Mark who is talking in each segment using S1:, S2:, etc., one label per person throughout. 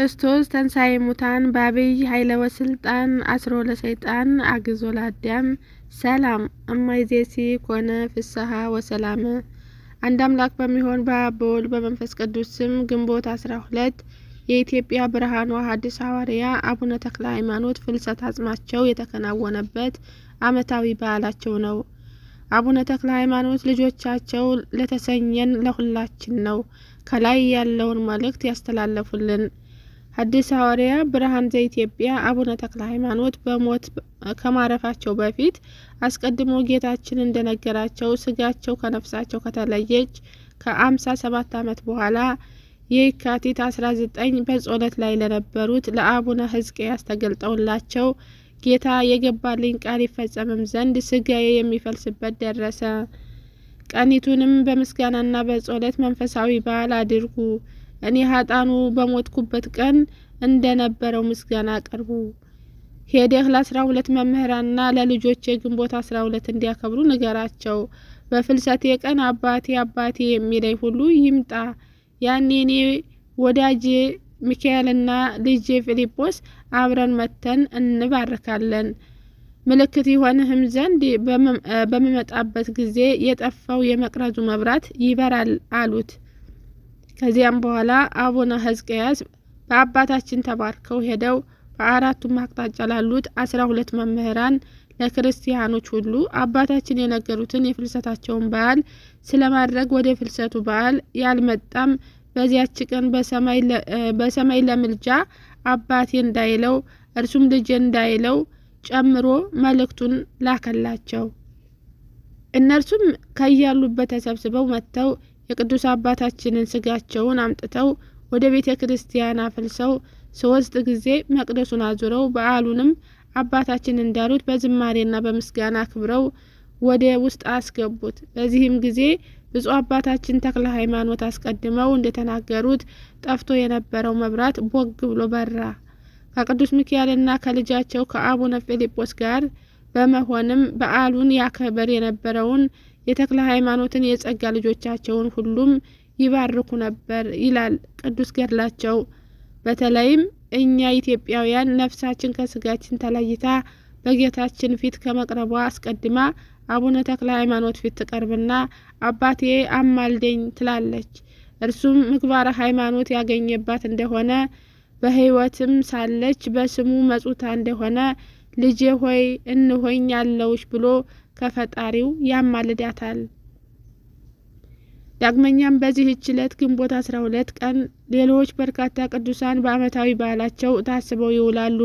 S1: ክርስቶስ ተንሳይ ሙታን በአብይ ኃይለ ወስልጣን አስሮ ለሰይጣን አግዞ ለአዳም ሰላም እማይዜሲ ኮነ ፍስሐ ወሰላመ። አንድ አምላክ በሚሆን በአብ በወልድ በመንፈስ ቅዱስ ስም ግንቦት አስራ ሁለት የኢትዮጵያ ብርሃኗ ሐዲስ ሐዋርያ አቡነ ተክለ ሃይማኖት ፍልሰት አጽማቸው የተከናወነበት ዓመታዊ በዓላቸው ነው። አቡነ ተክለ ሃይማኖት ልጆቻቸው ለተሰኘን ለሁላችን ነው ከላይ ያለውን መልእክት ያስተላለፉልን አዲስ ሐዋርያ ብርሃን ዘኢትዮጵያ አቡነ ተክለ ሃይማኖት በሞት ከማረፋቸው በፊት አስቀድሞ ጌታችን እንደነገራቸው ስጋቸው ከነፍሳቸው ከተለየች ከአምሳ ሰባት ዓመት በኋላ የካቲት 19 በጸሎት ላይ ለነበሩት ለአቡነ ሕዝቅያስ ተገልጠውላቸው ጌታ የገባልኝ ቃል ይፈጸምም ዘንድ ስጋዬ የሚፈልስበት ደረሰ። ቀኒቱንም በምስጋናና በጸሎት መንፈሳዊ በዓል አድርጉ። እኔ ሀጣኑ በሞትኩበት ቀን እንደነበረው ምስጋና አቅርቡ። ሄደህ ለአስራ ሁለት መምህራንና ለልጆቼ ግንቦት አስራ ሁለት እንዲያከብሩ ንገራቸው። በፍልሰቴ ቀን አባቴ አባቴ የሚለኝ ሁሉ ይምጣ። ያኔ እኔ ወዳጄ ሚካኤልና ልጄ ፊሊጶስ አብረን መተን እንባርካለን። ምልክት ይሆንህም ዘንድ በምመጣበት ጊዜ የጠፋው የመቅረዙ መብራት ይበራል አሉት። ከዚያም በኋላ አቡነ ህዝቅያስ በአባታችን ተባርከው ሄደው በአራቱም አቅጣጫ ላሉት አስራ ሁለት መምህራን ለክርስቲያኖች ሁሉ አባታችን የነገሩትን የፍልሰታቸውን በዓል ስለማድረግ ወደ ፍልሰቱ በዓል ያልመጣም በዚያች ቀን በሰማይ ለምልጃ አባቴ እንዳይለው እርሱም ልጅ እንዳይለው ጨምሮ መልእክቱን ላከላቸው። እነርሱም ከያሉበት ተሰብስበው መጥተው የቅዱስ አባታችንን ስጋቸውን አምጥተው ወደ ቤተ ክርስቲያን አፍልሰው ሶስት ጊዜ መቅደሱን አዙረው በዓሉንም አባታችን እንዳሉት በዝማሬና በምስጋና አክብረው ወደ ውስጥ አስገቡት። በዚህም ጊዜ ብፁዕ አባታችን ተክለ ሃይማኖት አስቀድመው እንደተናገሩት ጠፍቶ የነበረው መብራት ቦግ ብሎ በራ። ከቅዱስ ሚካኤልና ከልጃቸው ከአቡነ ፊልጶስ ጋር በመሆንም በዓሉን ያከበር የነበረውን የተክለ ሃይማኖትን የጸጋ ልጆቻቸውን ሁሉም ይባርኩ ነበር ይላል ቅዱስ ገድላቸው። በተለይም እኛ ኢትዮጵያውያን ነፍሳችን ከስጋችን ተለይታ በጌታችን ፊት ከመቅረቧ አስቀድማ አቡነ ተክለ ሃይማኖት ፊት ትቀርብና አባቴ አማልደኝ ትላለች። እርሱም ምግባረ ሃይማኖት ያገኘባት እንደሆነ በሕይወትም ሳለች በስሙ መጹታ እንደሆነ ልጄ ሆይ እንሆኝ ያለውሽ ብሎ ከፈጣሪው ያማልዳታል። ዳግመኛም በዚህች ዕለት ግንቦት ሁለት ቀን ሌሎች በርካታ ቅዱሳን በዓመታዊ በዓላቸው ታስበው ይውላሉ።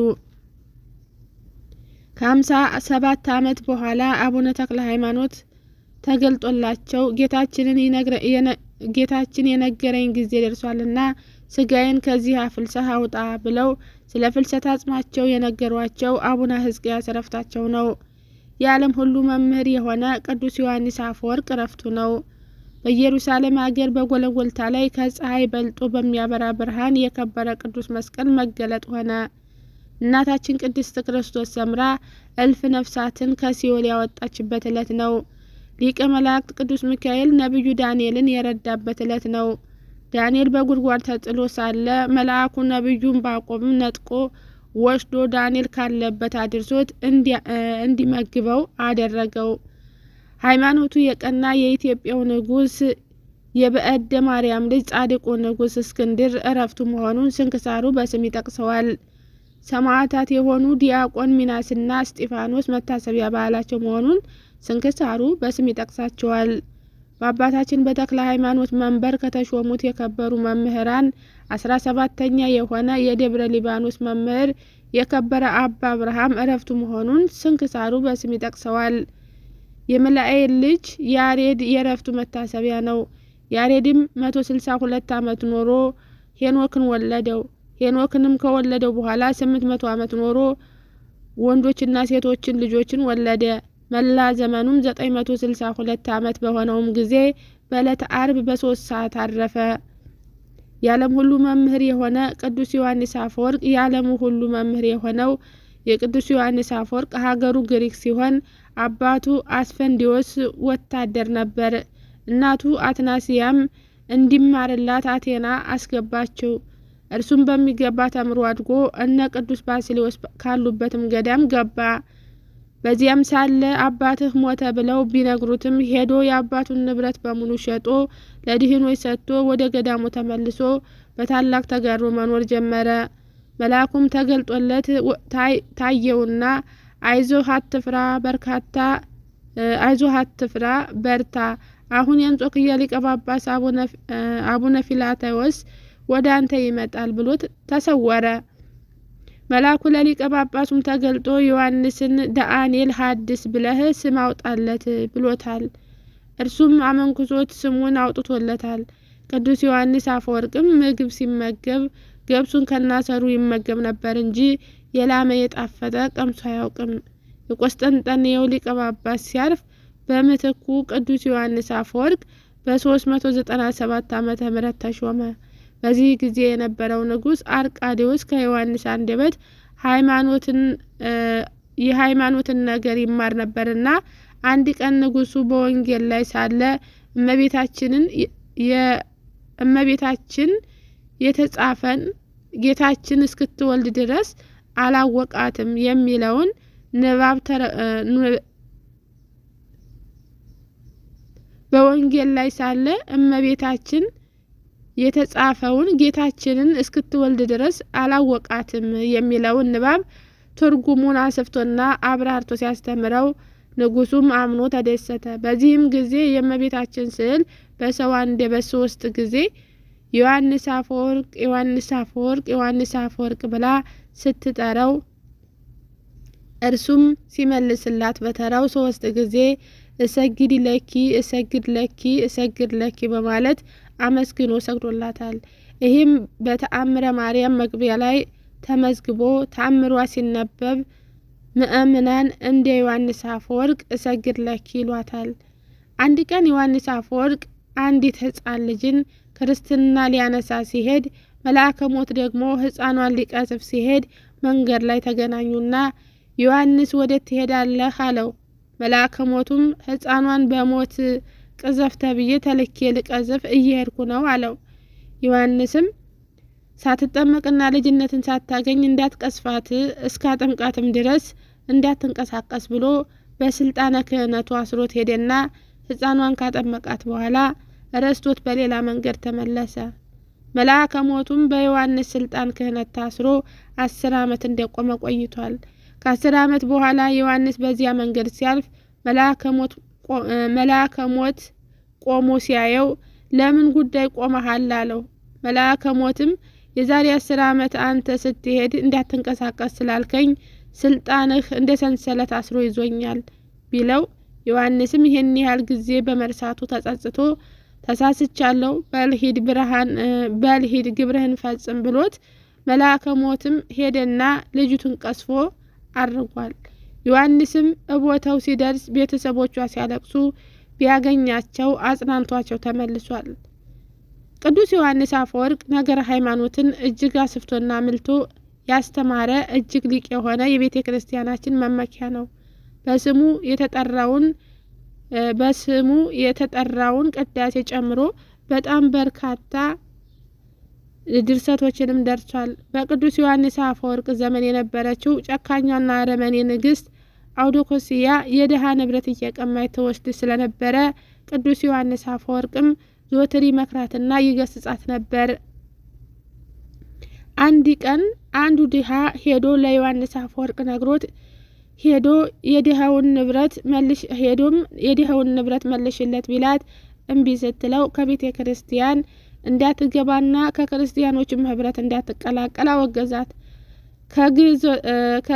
S1: ከሀምሳ ሰባት ዓመት በኋላ አቡነ ተክለ ሃይማኖት ተገልጦላቸው ጌታችንን ጌታችን የነገረኝ ጊዜ ደርሷልና ስጋዬን ከዚህ አፍልሰህ አውጣ ብለው ስለ ፍልሰት አጽማቸው የነገሯቸው አቡነ ሕዝቅያስ ዕረፍታቸው ነው። የዓለም ሁሉ መምህር የሆነ ቅዱስ ዮሐንስ አፈወርቅ ዕረፍቱ ነው። በኢየሩሳሌም አገር በጎለጎልታ ላይ ከፀሐይ በልጦ በሚያበራ ብርሃን የከበረ ቅዱስ መስቀል መገለጥ ሆነ። እናታችን ቅድስት ክርስቶስ ሰምራ እልፍ ነፍሳትን ከሲኦል ያወጣችበት ዕለት ነው። ሊቀ መላእክት ቅዱስ ሚካኤል ነቢዩ ዳንኤልን የረዳበት ዕለት ነው። ዳንኤል በጉድጓድ ተጥሎ ሳለ መልአኩ ነቢዩን ባቆምም ነጥቆ ወስዶ ዳንኤል ካለበት አድርሶት እንዲመግበው አደረገው። ሃይማኖቱ የቀና የኢትዮጵያው ንጉሥ የበእደ ማርያም ልጅ ጻድቁ ንጉሥ እስክንድር እረፍቱ መሆኑን ስንክሳሩ በስም ይጠቅሰዋል። ሰማዕታት የሆኑ ዲያቆን ሚናስና እስጢፋኖስ መታሰቢያ በዓላቸው መሆኑን ስንክሳሩ በስም ይጠቅሳቸዋል። በአባታችን በተክለ ሃይማኖት መንበር ከተሾሙት የከበሩ መምህራን አስራ ሰባተኛ የሆነ የደብረ ሊባኖስ መምህር የከበረ አባ አብርሃም እረፍቱ መሆኑን ስንክሳሩ በስም ይጠቅሰዋል። የመላኤል ልጅ ያሬድ የእረፍቱ መታሰቢያ ነው። ያሬድም መቶ ስልሳ ሁለት ዓመት ኖሮ ሄኖክን ወለደው። ሄኖክንም ከወለደው በኋላ ስምንት መቶ ዓመት ኖሮ ወንዶችና ሴቶችን ልጆችን ወለደ። መላ ዘመኑም ዘጠኝ መቶ ስልሳ ሁለት ዓመት በሆነውም ጊዜ በዕለተ አርብ በሶስት ሰዓት አረፈ። የዓለም ሁሉ መምህር የሆነ ቅዱስ ዮሐንስ አፈወርቅ የዓለሙ ሁሉ መምህር የሆነው የቅዱስ ዮሐንስ አፈወርቅ ሀገሩ ግሪክ ሲሆን አባቱ አስፈንዲዎስ ወታደር ነበር። እናቱ አትናሲያም እንዲማርላት አቴና አስገባችው። እርሱም በሚገባ ተምሮ አድጎ እነ ቅዱስ ባስሌዎስ ካሉበትም ገዳም ገባ። በዚያም ሳለ አባትህ ሞተ ብለው ቢነግሩትም ሄዶ የአባቱን ንብረት በሙሉ ሸጦ ለድህኖች ሰጥቶ ወደ ገዳሙ ተመልሶ በታላቅ ተጋድሎ መኖር ጀመረ። መልአኩም ተገልጦለት ታየውና አይዞህ አትፍራ በርካታ አይዞህ አትፍራ በርታ አሁን የአንጾኪያ ሊቀ ጳጳስ አቡነ ፊላታዎስ ወደ አንተ ይመጣል ብሎት ተሰወረ። መልአኩ ለሊቀ ጳጳሱም ተገልጦ ዮሐንስን ዳንኤል ሐዲስ ብለህ ስም አውጣለት ብሎታል። እርሱም አመንኩሶት ስሙን አውጥቶለታል። ቅዱስ ዮሐንስ አፈወርቅም ምግብ ሲመገብ ገብሱን ከናሰሩ ይመገብ ነበር እንጂ የላመ የጣፈጠ ቀምሶ አያውቅም። የው ሊቀ ጳጳስ ሲያርፍ በምትኩ ቅዱስ ዮሐንስ አፈወርቅ በ397 ዓመተ ምህረት ተሾመ። በዚህ ጊዜ የነበረው ንጉስ አርቃዴዎስ ከዮሐንስ አንደበት ሃይማኖትን የሃይማኖትን ነገር ይማር ነበርና አንድ ቀን ንጉሱ በወንጌል ላይ ሳለ እመቤታችንን እመቤታችን የተጻፈን ጌታችን እስክትወልድ ድረስ አላወቃትም የሚለውን ንባብ በወንጌል ላይ ሳለ እመቤታችን የተጻፈውን ጌታችንን እስክትወልድ ድረስ አላወቃትም የሚለውን ንባብ ትርጉሙን አስፍቶና አብራርቶ ሲያስተምረው ንጉሱም አምኖ ተደሰተ። በዚህም ጊዜ የእመቤታችን ስዕል በሰው አንደበት ሶስት ጊዜ ዮሐንስ አፈወርቅ ዮሐንስ አፈወርቅ ዮሐንስ አፈወርቅ ብላ ስትጠራው እርሱም ሲመልስላት በተራው ሶስት ጊዜ እሰግድ ለኪ እሰግድ ለኪ እሰግድ ለኪ በማለት አመስግኖ ሰግዶላታል። ይህም በተአምረ ማርያም መግቢያ ላይ ተመዝግቦ ተአምሯ ሲነበብ ምእምናን እንደ ዮሐንስ አፈወርቅ እሰግድ ለኪ ይሏታል። አንድ ቀን ዮሐንስ አፈወርቅ አንዲት ሕፃን ልጅን ክርስትና ሊያነሳ ሲሄድ መልአከ ሞት ደግሞ ሕፃኗን ሊቀስፍ ሲሄድ መንገድ ላይ ተገናኙና ዮሐንስ ወደ ትሄዳለህ? አለው። መልአከ ሞቱም ሕፃኗን በሞት ቅዘፍ ተብዬ ተልኬ ልቀዝፍ እየሄድኩ ነው አለው። ዮሐንስም ሳትጠመቅና ልጅነትን ሳታገኝ እንዳትቀስፋት እስካጠምቃትም ድረስ እንዳትንቀሳቀስ ብሎ በስልጣነ ክህነቱ አስሮት ሄደና ሕፃኗን ካጠመቃት በኋላ ረስቶት በሌላ መንገድ ተመለሰ። መልአከ ሞቱም በዮሐንስ ስልጣን ክህነት ታስሮ አስር ዓመት እንደቆመ ቆይቷል። ከአስር ዓመት በኋላ ዮሐንስ በዚያ መንገድ ሲያልፍ መልአከ ሞት መልአከ ሞት ቆሞ ሲያየው ለምን ጉዳይ ቆመሃል? አለው። መልአከ ሞትም የዛሬ አስር ዓመት አንተ ስትሄድ እንዳትንቀሳቀስ ስላልከኝ ስልጣንህ እንደ ሰንሰለት አስሮ ይዞኛል ቢለው ዮሐንስም ይህን ያህል ጊዜ በመርሳቱ ተጸጽቶ ተሳስቻለሁ፣ በልሂድ ብርሃን በልሂድ ግብርህን ፈጽም ብሎት መልአከ ሞትም ሄደና ልጅቱን ቀስፎ አድርጓል። ዮሐንስም እቦታው ሲደርስ ቤተሰቦቿ ሲያለቅሱ ቢያገኛቸው አጽናንቷቸው ተመልሷል። ቅዱስ ዮሐንስ አፈወርቅ ነገረ ሃይማኖትን እጅግ አስፍቶና ምልቶ ያስተማረ እጅግ ሊቅ የሆነ የቤተ ክርስቲያናችን መመኪያ ነው። በስሙ የተጠራውን በስሙ የተጠራውን ቅዳሴ ጨምሮ በጣም በርካታ ድርሰቶችንም ደርሷል። በቅዱስ ዮሐንስ አፈወርቅ ዘመን የነበረችው ጨካኛና አረመኔ ንግስት አውዶኮስያ የድሃ ንብረት እየቀማች ትወስድ ስለነበረ ቅዱስ ዮሐንስ አፈወርቅም ዞትሪ መክራትና ይገስጻት ነበር። አንድ ቀን አንዱ ድሃ ሄዶ ለዮሐንስ አፈወርቅ ነግሮት ሄዶ የድሃውን ንብረት መልሽ ሄዶም የድሃውን ንብረት መልሽለት ቢላት እምቢ ስትለው ከቤተ ክርስቲያን እንዳትገባና ከክርስቲያኖችም ህብረት እንዳትቀላቀል አወገዛት።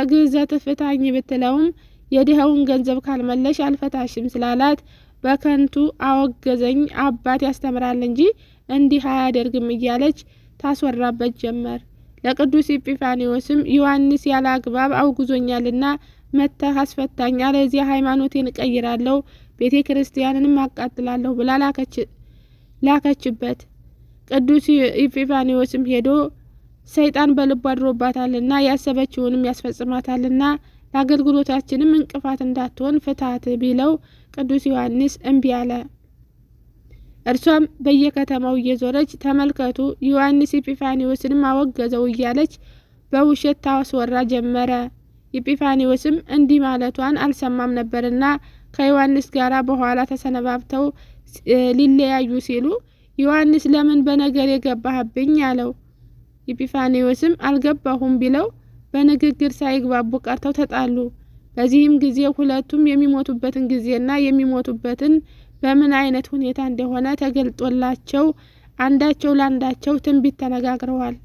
S1: ከግዞት ፍታኝ ብትለውም የድኸውን ገንዘብ ካልመለሽ አልፈታሽም ስላላት በከንቱ አወገዘኝ፣ አባት ያስተምራል እንጂ እንዲህ አያደርግም እያለች ታስወራበት ጀመር። ለቅዱስ ኢጲፋኒዎስም ዮሐንስ ያለ አግባብ አውግዞኛልና መተህ አስፈታኝ፣ አለዚያ ሃይማኖቴን እቀይራለሁ፣ ቤተ ክርስቲያንንም አቃጥላለሁ ብላ ላከችበት። ቅዱስ ኢጲፋኒዎስም ሄዶ ሰይጣን በልቡ አድሮባታልና ያሰበችውንም ያስፈጽማታልና ለአገልግሎታችንም እንቅፋት እንዳትሆን ፍታት ቢለው ቅዱስ ዮሐንስ እምቢ አለ። እርሷም በየከተማው እየዞረች ተመልከቱ ዮሐንስ ኢጲፋኒዎስንም አወገዘው እያለች በውሸት ታስወራ ጀመረ። ኢጲፋኒዎስም እንዲህ ማለቷን አልሰማም ነበርና ከዮሐንስ ጋር በኋላ ተሰነባብተው ሊለያዩ ሲሉ ዮሐንስ ለምን በነገር የገባህብኝ አለው። ኢጲፋኔዎስም አልገባሁም ቢለው በንግግር ሳይግባቡ ቀርተው ተጣሉ። በዚህም ጊዜ ሁለቱም የሚሞቱበትን ጊዜና የሚሞቱበትን በምን አይነት ሁኔታ እንደሆነ ተገልጦላቸው አንዳቸው ለአንዳቸው ትንቢት ተነጋግረዋል።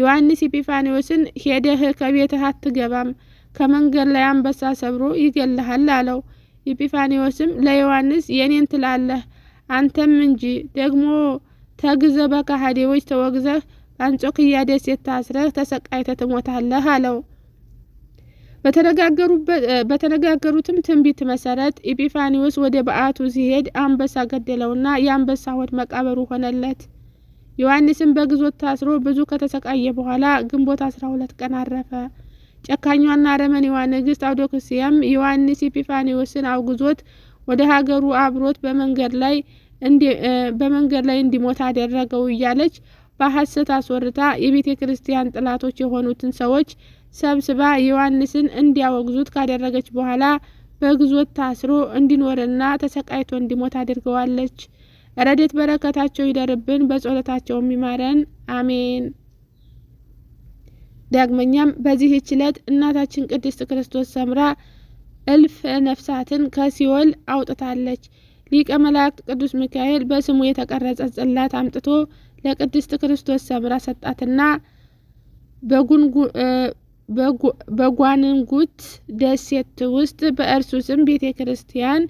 S1: ዮሐንስ ኢጲፋኔዎስን ሄደህ ከቤትህ አትገባም፣ ከመንገድ ላይ አንበሳ ሰብሮ ይገልሃል አለው። ኢጲፋኔዎስም ለዮሐንስ የኔን ትላለህ አንተም እንጂ ደግሞ ተግዘ በካሃዴዎች ተወግዘህ አንጾኪያ ደሴት ታስረህ ተሰቃይተህ ትሞታለህ አለው። በተነጋገሩትም ትንቢት መሰረት ኢጲፋኒዎስ ወደ በዓቱ ሲሄድ አንበሳ ገደለውና የአንበሳ ሆድ መቃብሩ ሆነለት። ዮሐንስም በግዞት ታስሮ ብዙ ከተሰቃየ በኋላ ግንቦት 12 ቀን አረፈ። ጨካኟና አረመኔዋ ንግሥት አውዶክስያም ዮሐንስ ኢጲፋኒዎስን አውግዞት ወደ ሀገሩ አብሮት በመንገድ ላይ በመንገድ ላይ እንዲሞት አደረገው እያለች በሐሰት አስወርታ የቤተ ክርስቲያን ጥላቶች የሆኑትን ሰዎች ሰብስባ ዮሐንስን እንዲያወግዙት ካደረገች በኋላ በግዞት ታስሮ እንዲኖርና ተሰቃይቶ እንዲሞት አድርገዋለች። ረድኤት በረከታቸው ይደርብን፣ በጸሎታቸውም ይማረን፣ አሜን። ዳግመኛም በዚህች ዕለት እናታችን ቅድስት ክርስቶስ ሰምራ እልፍ ነፍሳትን ከሲኦል አውጥታለች። ሊቀ መላእክት ቅዱስ ሚካኤል በስሙ የተቀረጸ ጽላት አምጥቶ ለቅድስት ክርስቶስ ሰምራ ሰጣትና በጓንጉት ደሴት ውስጥ በእርሱ ስም ቤተ ክርስቲያን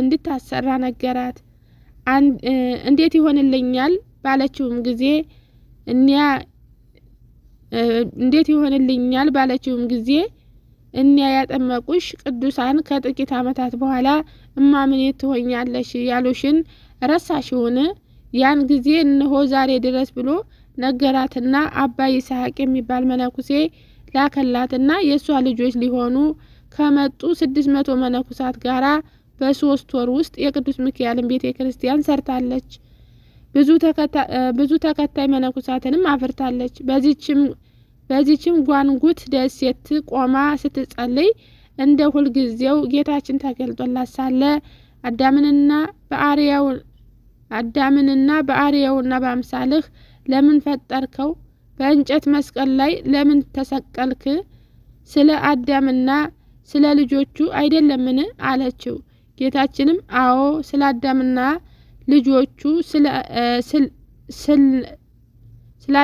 S1: እንድታሰራ ነገራት። እንዴት ይሆንልኛል ባለችውም ጊዜ እኒያ እንዴት ይሆንልኛል ባለችውም ጊዜ እኒያ ያጠመቁሽ ቅዱሳን ከጥቂት ዓመታት በኋላ እማምኔት ትሆኛለሽ ያሉሽን ረሳሽውን? ያን ጊዜ እነሆ ዛሬ ድረስ ብሎ ነገራትና አባ ይስሐቅ የሚባል መነኩሴ ላከላትና የእሷ ልጆች ሊሆኑ ከመጡ ስድስት መቶ መነኩሳት ጋራ በሶስት ወር ውስጥ የቅዱስ ሚካኤልን ቤተ ክርስቲያን ሰርታለች። ብዙ ተከታይ መነኩሳትንም አፍርታለች። በዚችም ጓንጉት ደሴት ቆማ ስትጸልይ እንደ ሁልጊዜው ጌታችን ተገልጦላት ሳለ አዳምንና በአርያውን አዳምንና በአርአያውና በአምሳልህ ለምን ፈጠርከው? በእንጨት መስቀል ላይ ለምን ተሰቀልክ? ስለ አዳምና ስለ ልጆቹ አይደለምን? አለችው። ጌታችንም አዎ ስለ አዳምና ልጆቹ ስለ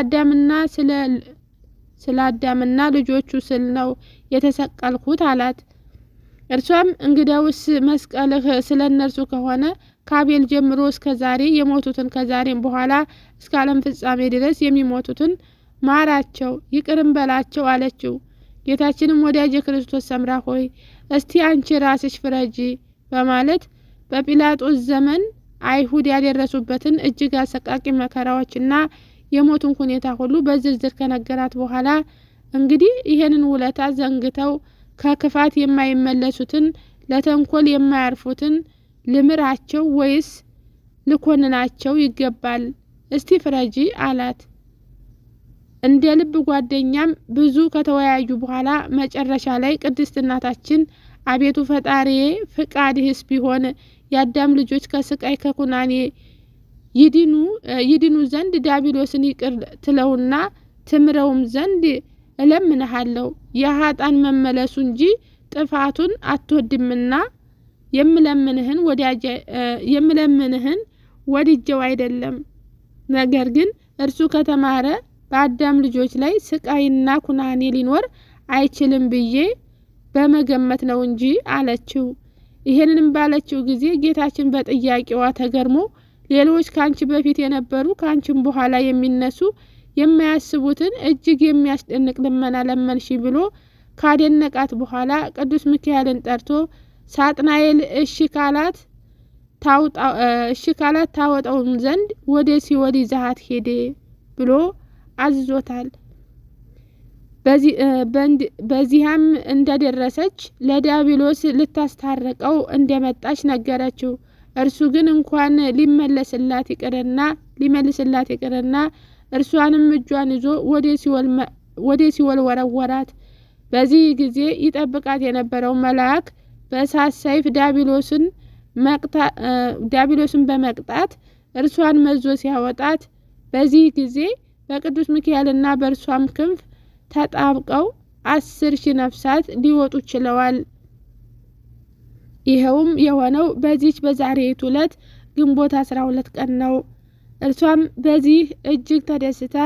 S1: አዳምና ስለ ስለ አዳምና ልጆቹ ስል ነው የተሰቀልኩት አላት። እርሷም እንግዳውስ መስቀልህ ስለ እነርሱ ከሆነ ከአቤል ጀምሮ እስከ ዛሬ የሞቱትን ከዛሬም በኋላ እስከ ዓለም ፍጻሜ ድረስ የሚሞቱትን ማራቸው፣ ይቅርም በላቸው አለችው። ጌታችንም ወዳጅ ክርስቶስ ሰምራ ሆይ እስቲ አንቺ ራስሽ ፍረጂ በማለት በጲላጦስ ዘመን አይሁድ ያደረሱበትን እጅግ አሰቃቂ መከራዎችና የሞቱን ሁኔታ ሁሉ በዝርዝር ከነገራት በኋላ እንግዲህ ይህንን ውለታ ዘንግተው ከክፋት የማይመለሱትን ለተንኮል የማያርፉትን ልምራቸው ወይስ ልኮንናቸው ይገባል? እስቲ ፍረጂ አላት። እንደ ልብ ጓደኛም ብዙ ከተወያዩ በኋላ መጨረሻ ላይ ቅድስት እናታችን አቤቱ ፈጣሪዬ ፍቃድህስ ቢሆን የአዳም ልጆች ከስቃይ ከኩናኔ ይድኑ ዘንድ ዲያብሎስን ይቅር ትለውና ትምረውም ዘንድ እለምንሃለሁ። የሀጣን መመለሱ እንጂ ጥፋቱን አትወድምና የምለምንህን ወዳጄ የምለምንህን ወድጀው አይደለም፣ ነገር ግን እርሱ ከተማረ በአዳም ልጆች ላይ ስቃይና ኩናኔ ሊኖር አይችልም ብዬ በመገመት ነው እንጂ አለችው። ይሄንንም ባለችው ጊዜ ጌታችን በጥያቄዋ ተገርሞ ሌሎች ከአንቺ በፊት የነበሩ ከአንቺም በኋላ የሚነሱ የማያስቡትን እጅግ የሚያስደንቅ ልመና ለመንሺ ብሎ ካደነቃት በኋላ ቅዱስ ሚካኤልን ጠርቶ ሳጥናኤል እሺ ካላት እሺ ካላት ታወጣውም ዘንድ ወደ ሲወል ይዛሃት ሄደ ብሎ አዝዞታል። በዚያም እንደደረሰች ለዲያብሎስ ልታስታርቀው እንደመጣች ነገረችው። እርሱ ግን እንኳን ሊመለስላት ይቅርና ሊመልስላት ይቅርና እርሷንም እጇን ይዞ ወደ ሲወል ወረወራት። በዚህ ጊዜ ይጠብቃት የነበረው መልአክ በእሳት ሰይፍ ዲያብሎስን ዳቢሎስን በመቅጣት እርሷን መዞ ሲያወጣት በዚህ ጊዜ በቅዱስ ሚካኤልና በእርሷም ክንፍ ተጣብቀው አስር ሺ ነፍሳት ሊወጡ ችለዋል። ይኸውም የሆነው በዚች በዛሬቱ ዕለት ግንቦት አስራ ሁለት ቀን ነው። እርሷም በዚህ እጅግ ተደስታ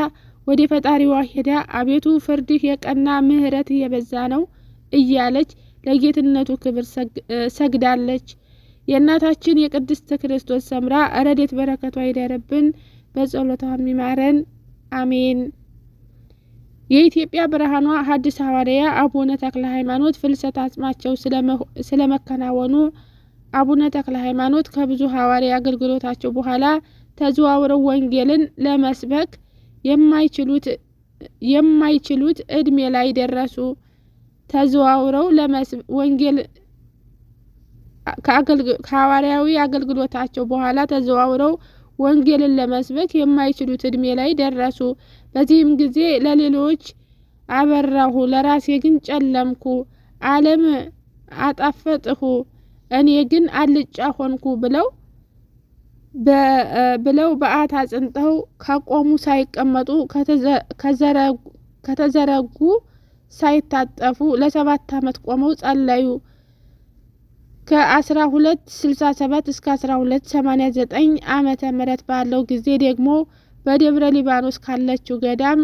S1: ወደ ፈጣሪዋ ሄዳ አቤቱ ፍርድህ የቀና ምህረት እየበዛ ነው እያለች ለጌትነቱ ክብር ሰግዳለች። የእናታችን የቅድስት ክርስቶስ ሰምራ ረዴት በረከቷ ይደርብን፣ በጸሎቷ ሚማረን አሜን። የኢትዮጵያ ብርሃኗ ሐዲስ ሐዋርያ አቡነ ተክለ ሃይማኖት ፍልሰት አጽማቸው ስለመከናወኑ አቡነ ተክለ ሃይማኖት ከብዙ ሐዋርያ አገልግሎታቸው በኋላ ተዘዋውረው ወንጌልን ለመስበክ የማይችሉት የማይችሉት እድሜ ላይ ደረሱ። ተዘዋውረው ወንጌል ከሐዋርያዊ አገልግሎታቸው በኋላ ተዘዋውረው ወንጌልን ለመስበክ የማይችሉት እድሜ ላይ ደረሱ። በዚህም ጊዜ ለሌሎች አበራሁ፣ ለራሴ ግን ጨለምኩ። ዓለም አጣፈጥሁ፣ እኔ ግን አልጫ ሆንኩ ብለው ብለው በአት አጽንተው ከቆሙ ሳይቀመጡ ከተዘረጉ ሳይታጠፉ ለሰባት ዓመት ቆመው ጸለዩ። ከ1267 እስከ 1289 ዓመተ ምህረት ባለው ጊዜ ደግሞ በደብረ ሊባኖስ ካለችው ገዳም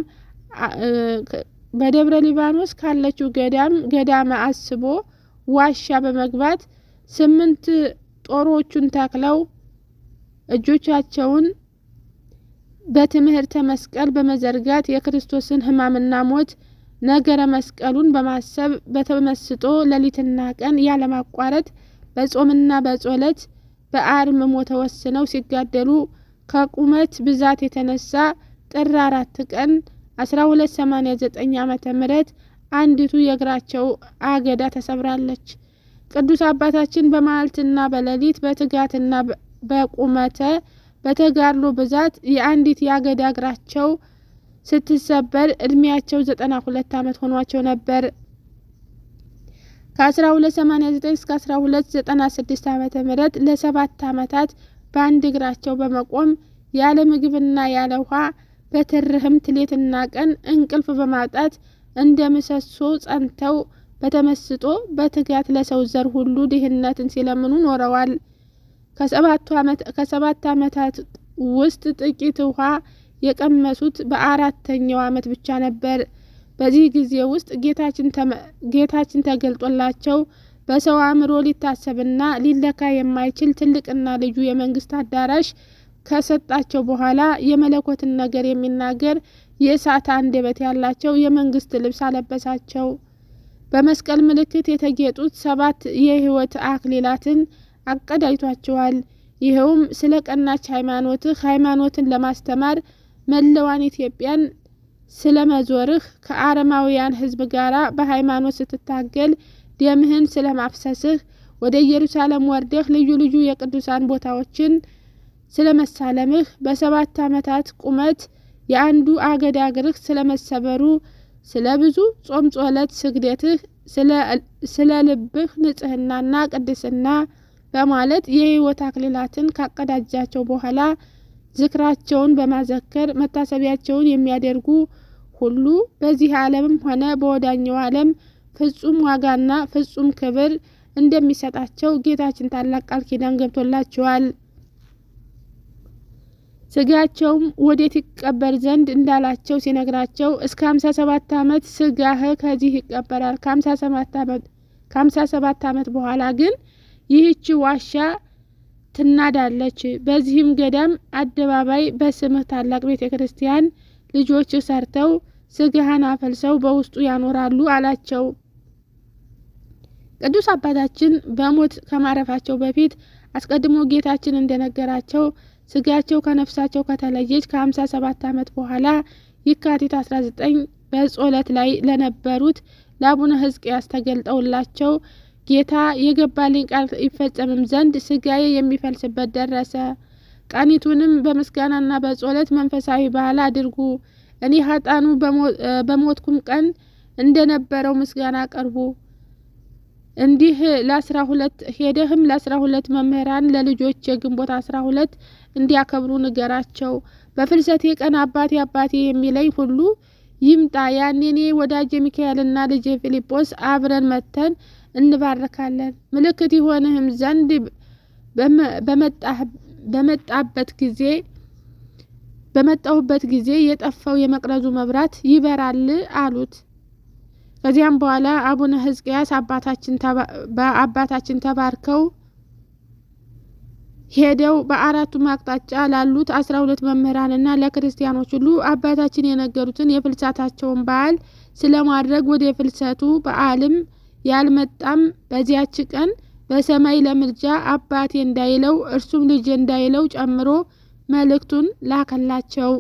S1: በደብረ ሊባኖስ ካለችው ገዳም ገዳመ አስቦ ዋሻ በመግባት ስምንት ጦሮቹን ተክለው እጆቻቸውን በትምህርተ መስቀል በመዘርጋት የክርስቶስን ሕማምና ሞት ነገረ መስቀሉን በማሰብ በተመስጦ ሌሊትና ቀን ያለማቋረጥ በጾምና በጾለት በአርምሞ ተወስነው ሲጋደሉ ከቁመት ብዛት የተነሳ ጥር አራት ቀን 1289 ዓመተ ምህረት አንዲቱ የእግራቸው አገዳ ተሰብራለች። ቅዱስ አባታችን በመዓልትና በሌሊት በትጋትና በቁመተ በተጋድሎ ብዛት የአንዲት የአገዳ እግራቸው ስትሰበር እድሜያቸው ሁለት ዓመት ሆኗቸው ነበር። ዘጠኝ እስከ ስድስት ዓመተ ምህረት ለሰባት አመታት በአንድ እግራቸው በመቆም ያለ ምግብና ያለ ውሃ በትርህም ትሌትና ቀን እንቅልፍ በማጣት እንደ ምሰሶ ጸንተው በተመስጦ በትጋት ለሰው ዘር ሁሉ ድህነትን ሲለምኑ ኖረዋል። ከሰባት ዓመታት ውስጥ ጥቂት ውሃ የቀመሱት በአራተኛው ዓመት ብቻ ነበር። በዚህ ጊዜ ውስጥ ጌታችን ተገልጦላቸው በሰው አእምሮ ሊታሰብና ሊለካ የማይችል ትልቅና ልዩ የመንግስት አዳራሽ ከሰጣቸው በኋላ የመለኮትን ነገር የሚናገር የእሳት አንደበት ያላቸው የመንግስት ልብስ አለበሳቸው። በመስቀል ምልክት የተጌጡት ሰባት የሕይወት አክሊላትን አቀዳጅቷቸዋል። ይኸውም ስለ ቀናች ሃይማኖትህ ሃይማኖትን ለማስተማር መለዋን ኢትዮጵያን ስለመዞርህ ከአረማውያን ሕዝብ ጋር በሃይማኖት ስትታገል ደምህን ስለማፍሰስህ ወደ ኢየሩሳሌም ወርደህ ልዩ ልዩ የቅዱሳን ቦታዎችን ስለመሳለምህ በሰባት ዓመታት ቁመት የአንዱ አገዳ እግርህ ስለመሰበሩ ስለ ብዙ ጾም፣ ጾለት ስግደትህ ስለ ልብህ ንጽህናና ቅድስና በማለት የሕይወት አክሊላትን ካቀዳጃቸው በኋላ ዝክራቸውን በማዘከር መታሰቢያቸውን የሚያደርጉ ሁሉ በዚህ ዓለምም ሆነ በወዳኛው ዓለም ፍጹም ዋጋና ፍጹም ክብር እንደሚሰጣቸው ጌታችን ታላቅ ቃል ኪዳን ገብቶላቸዋል። ስጋቸውም ወዴት ይቀበር ዘንድ እንዳላቸው ሲነግራቸው እስከ ሀምሳ ሰባት ዓመት ስጋህ ከዚህ ይቀበራል ከሀምሳ ሰባት ዓመት በኋላ ግን ይህች ዋሻ ትናዳለች። በዚህም ገዳም አደባባይ በስምህ ታላቅ ቤተ ክርስቲያን ልጆች ሰርተው ስጋህን አፈልሰው በውስጡ ያኖራሉ አላቸው። ቅዱስ አባታችን በሞት ከማረፋቸው በፊት አስቀድሞ ጌታችን እንደነገራቸው ስጋቸው ከነፍሳቸው ከተለየች ከሀምሳ ሰባት ዓመት በኋላ የካቲት 19 በጾለት ላይ ለነበሩት ለአቡነ ህዝቅያስ ተገልጠውላቸው ጌታ የገባልኝ ቃል ይፈጸምም ዘንድ ስጋዬ የሚፈልስበት ደረሰ። ቀኒቱንም በምስጋናና በጸሎት መንፈሳዊ ባህል አድርጉ። እኔ ሀጣኑ በሞትኩም ቀን እንደነበረው ምስጋና አቅርቡ። እንዲህ ለአስራ ሁለት ሄደህም ለአስራ ሁለት መምህራን ለልጆች የግንቦት አስራ ሁለት እንዲያከብሩ ንገራቸው። በፍልሰቴ ቀን አባቴ አባቴ የሚለኝ ሁሉ ይምጣ። ያኔ እኔ ወዳጄ ሚካኤልና ልጄ ፊልጶስ አብረን መተን እንባርካለን። ምልክት ይሆንህም ዘንድ በመጣበት ጊዜ በመጣሁበት ጊዜ የጠፋው የመቅረዙ መብራት ይበራል አሉት። ከዚያም በኋላ አቡነ ሕዝቅያስ በአባታችን ተባርከው ሄደው በአራቱም አቅጣጫ ላሉት አስራ ሁለት መምህራንና ለክርስቲያኖች ሁሉ አባታችን የነገሩትን የፍልሰታቸውን በዓል ስለማድረግ ወደ ፍልሰቱ በዓልም ያልመጣም በዚያች ቀን በሰማይ ለምልጃ አባቴ እንዳይለው እርሱም ልጅ እንዳይለው ጨምሮ መልእክቱን ላከላቸው።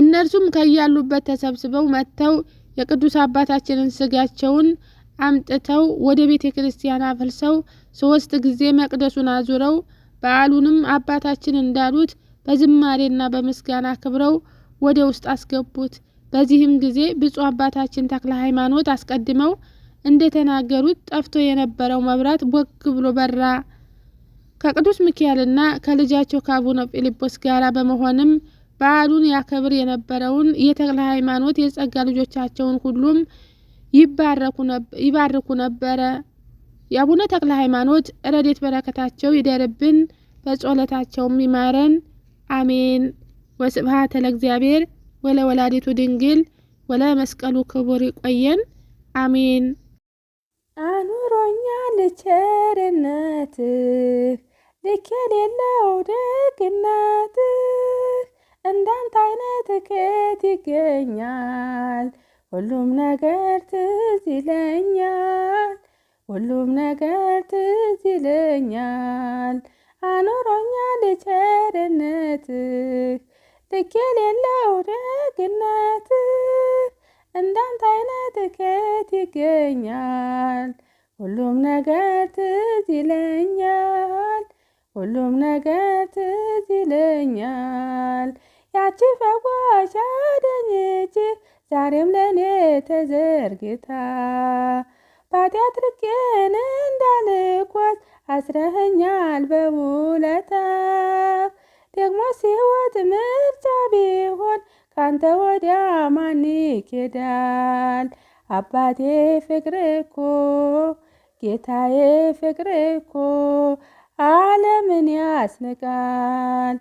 S1: እነርሱም ከያሉበት ተሰብስበው መጥተው የቅዱስ አባታችንን ስጋቸውን አምጥተው ወደ ቤተ ክርስቲያን አፍልሰው ሶስት ጊዜ መቅደሱን አዙረው በዓሉንም አባታችን እንዳሉት በዝማሬና በምስጋና ክብረው ወደ ውስጥ አስገቡት። በዚህም ጊዜ ብፁዕ አባታችን ተክለ ሃይማኖት አስቀድመው እንደተናገሩት ጠፍቶ የነበረው መብራት ቦግ ብሎ በራ። ከቅዱስ ሚካኤልና ከልጃቸው ከአቡነ ፊልጶስ ጋር በመሆንም በዓሉን ያከብር የነበረውን የተክለ ሃይማኖት የጸጋ ልጆቻቸውን ሁሉም ይባርኩ ነበረ። የአቡነ ተክለ ሃይማኖት ረዴት በረከታቸው ይደርብን፣ በጸሎታቸውም ይማረን። አሜን። ወስብሐት ለእግዚአብሔር ወለ ወላዲቱ ድንግል ወለ መስቀሉ ክቡር ይቆየን። አሜን።
S2: አኑሮኛ ልቸርነትህ ልክ የሌለው ደግነትህ እንዳንተ አይነት ከየት ይገኛል? ሁሉም ነገር ትዝ ይለኛል፣ ሁሉም ነገር ትዝ ይለኛል። አኑሮኛ ልቸርነትህ ልክ የሌለው ደግነት እንዳንተ አይነት ከየት ይገኛል? ሁሉም ነገር ትዝ ይለኛል፣ ሁሉም ነገር ትዝ ይለኛል። ያቺ ፈዋሽ አዳኝች ዛሬም ለእኔ ተዘርግታ ባጢአት ርቄን እንዳልኳት አስረኸኛል በውለታ ደግሞ ሲወት ምርጫ ቢሆን ካንተ ወዲያ ማን ይኬዳል? አባቴ ፍቅር እኮ ጌታዬ ፍቅር እኮ ዓለምን ያስንቃል።